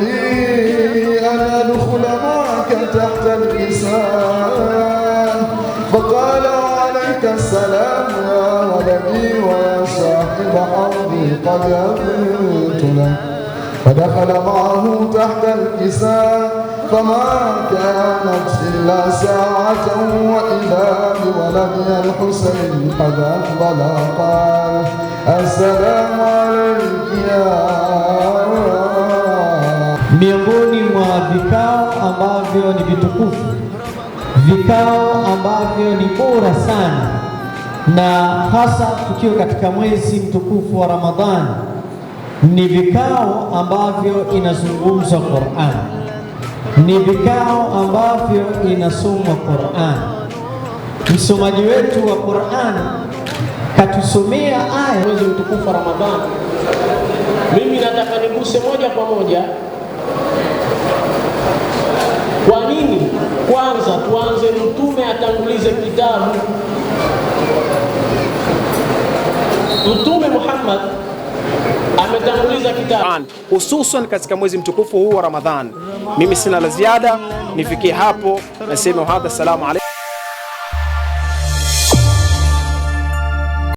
لي أن أدخل معك تحت الإنسان فقال عليك السلام يا ولدي ويا صاحب حظي قد أمنت فدخل معه تحت الكساء فما كانت إلا ساعة وإذا بولد الحسين قد أفضل قال السلام miongoni mwa vikao ambavyo ni vitukufu, vikao ambavyo ni bora sana, na hasa tukiwa katika mwezi mtukufu wa Ramadhani, ni vikao ambavyo inazungumzwa Qur'an, ni vikao ambavyo inasomwa Qur'an. Msomaji wetu wa Qur'an katusomea aya mwezi mtukufu wa Ramadhani. Mimi nataka niguse moja kwa moja Kwanza tuanze mtume atangulize kitabu. Mtume Muhammad ametanguliza kitabu, hususan katika mwezi mtukufu huu wa Ramadhan. Mimi sina la ziada, nifikie hapo nasema hadha, salamu alaykum.